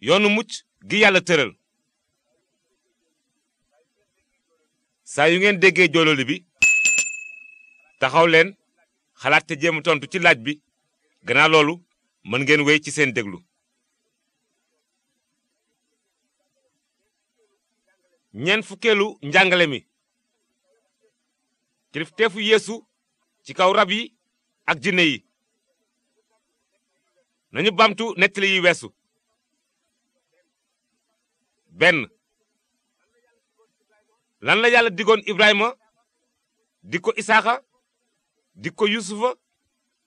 yoonu mucc gi yàlla tëral saa yu ngeen déggee joololi bi taxaw leen xalaat te jéem tontu ci laaj bi gannaaw loolu mën ngeen wéy ci seen déglu ñeent fukkeelu njàngale mi kilifteefu yéesu ci kaw rab yi ak jinne yi nañu bamtu nettali yi weesu benn lan la yàlla digoon Ibrahima dig ko Isaaxa dig ko Yusufa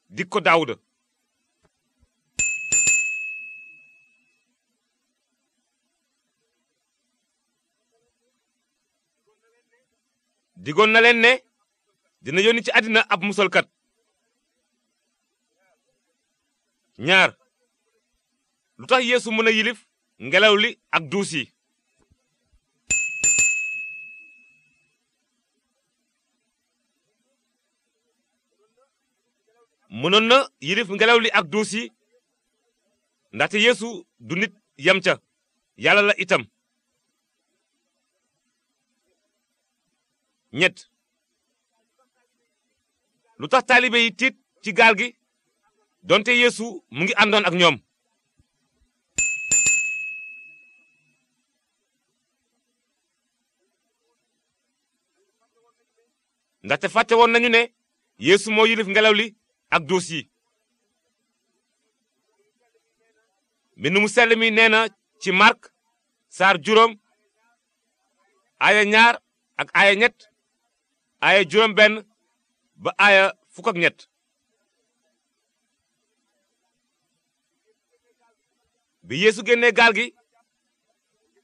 dig ko Daawuda digoon na leen ne dina yónni ci àddina ab musalkat ñaar lu tax yeesu mën a yilif ngelaw li ak duus yi mënoon na yilif ngelaw li ak duus yi ndaxte yeesu du nit yem ca yàlla la itam ñett lu tax taalibe yi tiit ci gaal gi donte yéesu mu ngi àndoon ak ñoom ndaxte fàtte woon nañu ne yéesu moo yilif ngelaw li ak dossier mbind mu sell mi nee na ci Mark saar juróom aaya ñaar ak aaya ñett aaya juróom benn ba aaya fukk ak bi yeesu génnee gaal gi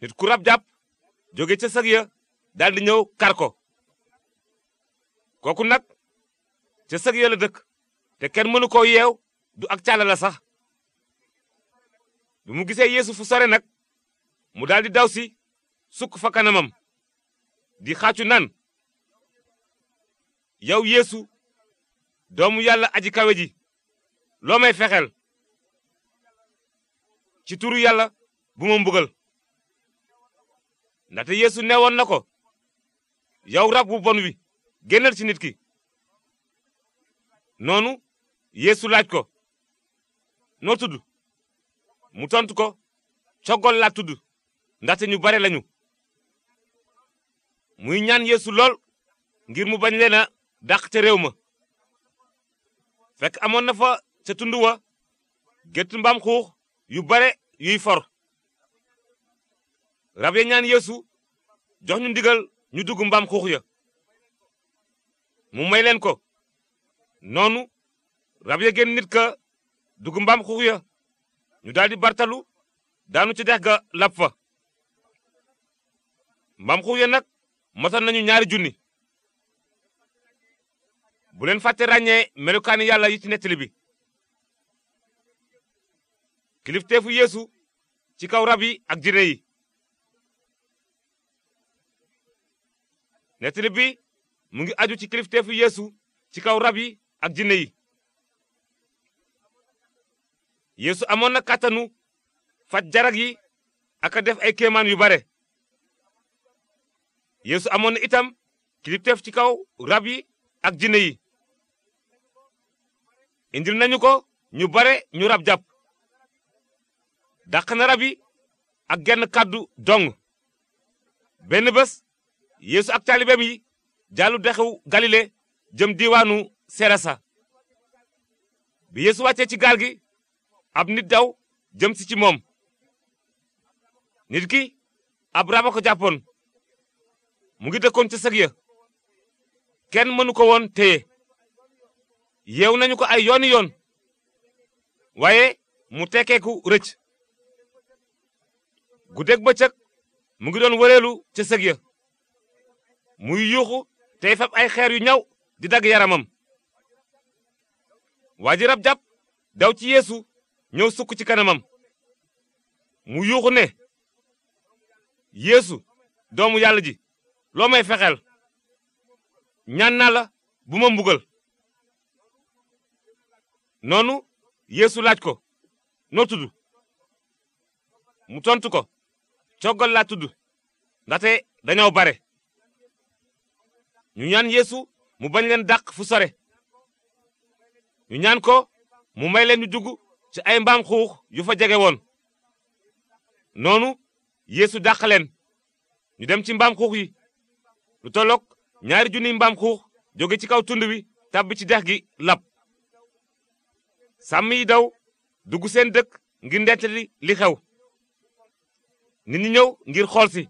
nit ku rab jàpp jóge ca sëg daldi ñëw kar ko kooku nag ca sëg la dëkk te kenn mënu ko yeew du ak càlla sax bi mu gisee yéesu fu sore nag mu daldi daw si sukk fa kanamam di xàccu nan yow yéesu doomu yàlla aji kawe ji loo may fexeel ci turu yàlla bu ma mbugal ndaxte neewoon na ko yow rab wu bon wi génnal ci nit ki noonu yéesu laaj ko noo tudd mu tontu ko coggol laa tudd ndaxte ñu bare lañu muy ñaan yéesu lool ngir mu bañ leen dàq ca réew ma fekk amoon na fa ca tund wa gétt mbaam xuux yu bare yuy for rab ya ñaan yeesu jox ñu ndigal ñu dugg mbaam xuux ya mu may leen ko noonu rab ya génn nit ka dugg mbaam xuux ya ñu daldi bartalu daanu ci dex ga lab fa mbaam xuux ya nag matal nañu ñaari junni bu leen fàtte ràññee melukaani yàlla yi ci nettali bi kilifteefu yeesu ci kaw rab yi ak jinne yi nettali bi mu ngi aju ci kilifteefu yéesu ci kaw rab yi ak jinne yi yéesu amoon na kàttanu faj jarag yi ak a def ay kéemaan yu bare yéesu amoon na itam kilifteef ci kaw rab yi ak jinne yi indil nañu ko ñu bare ñu rab jàpp dàq na rab yi ak genn kàddu dong benn bés yéesu ak taalibeem yi jàllu dexu galile jëm diiwaanu serasa bi yeesu wàccee ci gaal gi ab nit daw jëm si ci moom nit ki ab raba jàppoon mu ngi dëkkoon ca sëg kenn mënu ko woon téye yeew nañu ko ay yooni yoon waaye mu tekkeeku rëcc guddeeg bëccëg mu ngi doon wëreelu ca sëg ya muy yuuxu tey fab ay xeer yu ñaw di dagg yaramam waa ji rab daw ci yeesu ñëw sukk ci kanamam mu yuuxu ne yéesu doomu yàlla ji loo may fexeel ñaan naa la bu ma mbugal noonu yéesu laaj ko noo tudd mu tontu ko coggal laa tudd ndaxte dañoo bare ñu ñaan yeesu mu bañ leen dàq fu sore ko mu may ci ay mbaam xuux yu fa jege woon noonu yéesu dàq leen ñu dem ci mbaam xuux yi lu tolloog ñaari junniy mbaam xuux jóge ci kaw tund wi tàbbi ci dex gi lab sàmm yi daw dugg seen dëkk ngir nettali li xew nit ñi ñëw ngir xool si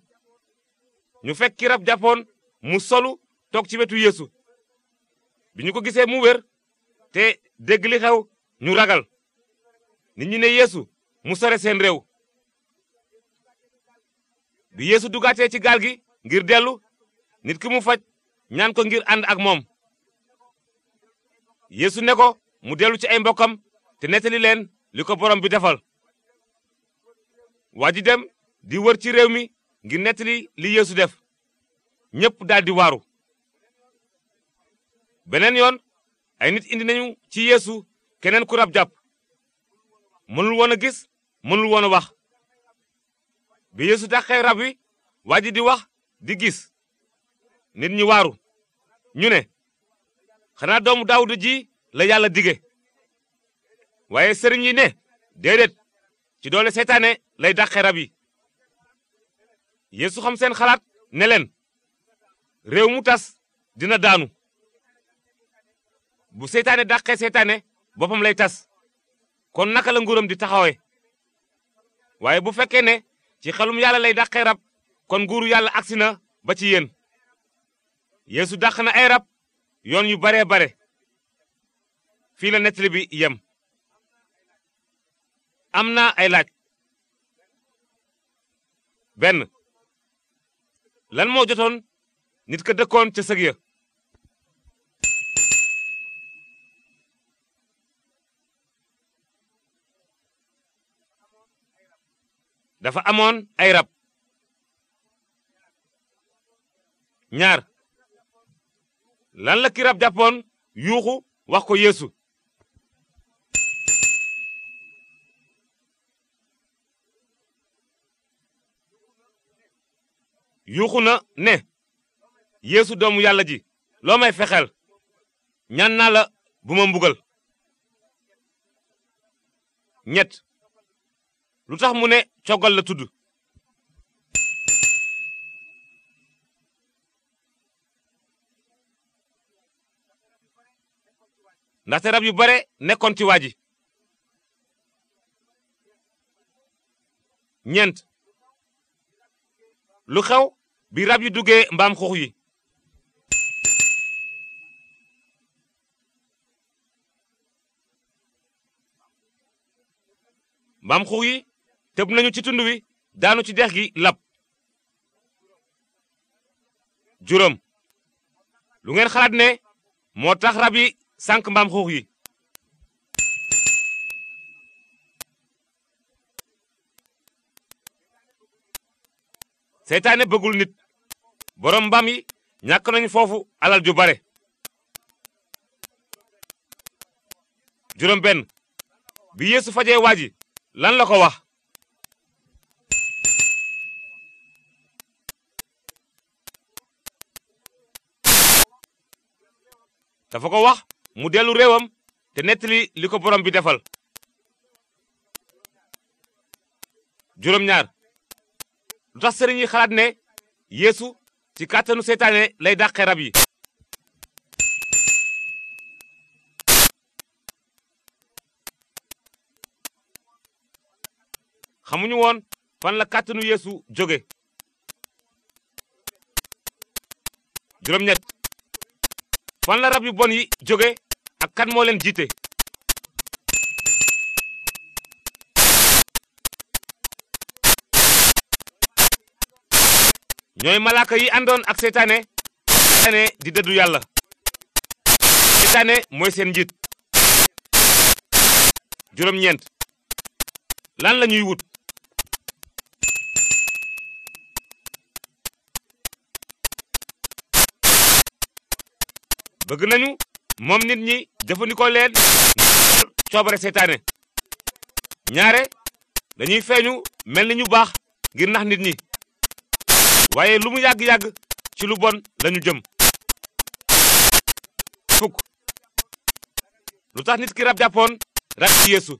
ñu fekk rab jàppoon mu solu toog ci wetu yéesu bi ñu ko gisee mu wér te dégg li xew ñu ragal nit ñi ne yeesu mu sore seen réew bi yeesu dugaatee ci gaal gi ngir dellu nit ki mu faj ñaan ko ngir ànd ak moom yéesu ne ko mu dellu ci ay mbokkam te nettali leen li ko borom bi defal waa ji dem di wër ci réew mi ngir nettali li yeesu def ñépp daldi waaru beneen yoon ay nit indi nañu ci yeesu keneen kurab rab jàpp mënul woon a gis mënul woon a wax bi yeesu dàqee rab wi waa ji di wax di gis nit ñi waaru ñu ne xanaa doomu daawuda ji la yàlla digge waaye sëriñ yi ne déedéet ci doole seytaane lay dàqee rab yi yéesu xam seen xalaat ne leen réew mu tas dina daanu bu seytaane dàqee seytaane boppam lay tas kon naka la nguuram di taxawe waaye bu fekkee ne ci xelum yàlla lay dàqee rab kon nguuru yàlla agsi na ba ci yéen yéesu dàq na ay rab yoon yu baree bare fii la nettali bi yem am na ay laaj benn lan moo jotoon nit ka dëkkoon ca sëg ya dafa amoon ay rab ñaar lan la ki rab jàppoon yuuxu wax ko yéesu yuuxu na ne yéesu doomu yàlla ji loo may fexeel ñan naa la bu ma mbugal ñett lu tax mu ne coggal la tudd ndaxte rab yu bare nekkoon ci waa ji ñeent lu xew bi rab yi duggee mbaam xuux yi mbaam xuux yi tëb nañu ci tund wi daanu ci dex gi lab juróom lu ngeen xalaat ne moo tax rab yi sànq mbaam xuux yi seytaane bëggul nit boroom mbaam yi ñàkk nañu foofu alal ju bare juróom benn bi yeesu fajee waa ji lan la ko wax dafa ko wax mu dellu réewam te nettali li ko borom bi defal juróom-ñaar lu tax sëriñ xalaat ne yeesu ci kàttanu seytaane lay dàqe rab yi xamuñu woon fan la kàttanu yeesu jóge juróom-ñett fan la rab yu bon yi jóge ak kan moo leen jiite ñooy malaaka yi àndoon ak seytaane seytaane di dëddu yàlla seytaane mooy seen njiit juróom-ñeent lan la ñuy wut bëgg nañu moom nit ñi jëfandikoo leen coobare seytaane ñaare dañuy feeñu mel ni ñu baax ngir nax nit ñi waaye lu mu yàgg-yàgg ci lu bon lañu jëm fukk lu tax nit ki rab jàppoon rab ci yeesu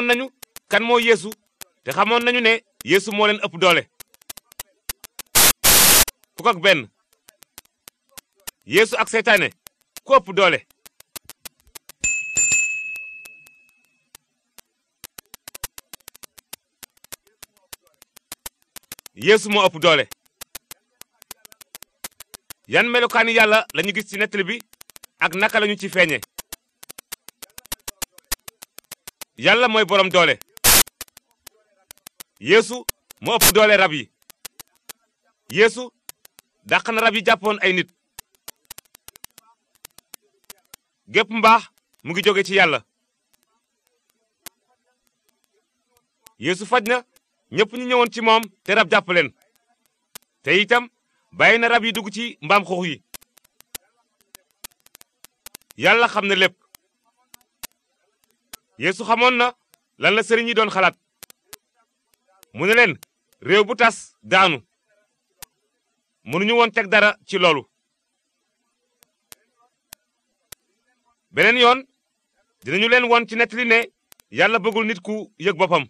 nañu kan moo te nañu ne yéesu moo leen ëpp doole fukk ak benn yéesu ak seytaane ku ëpp doole yeesu moo ëpp doole yan melokaani yàlla lañu gis ci nettali bi ak naka lañu ci feeñe yàlla mooy boroom doole yéesu moo ëpp doole rab yi yéesu dàq na rab yi jàppoon ay nit gépp mbaax mu ngi jóge ci yàlla yéesu faj na ñépp ñu ñëwoon ci moom te rab jàpp leen te itam bàyyi na rab yi dugg ci mbaam xuux yi yàlla xam na lépp yéesu xamoon na lan la sëriñ yi doon xalaat mu ne leen réew bu tas daanu mënuñu woon teg dara ci loolu beneen yoon dinañu leen won ci nettali ne yàlla bëggul nit ku yëg boppam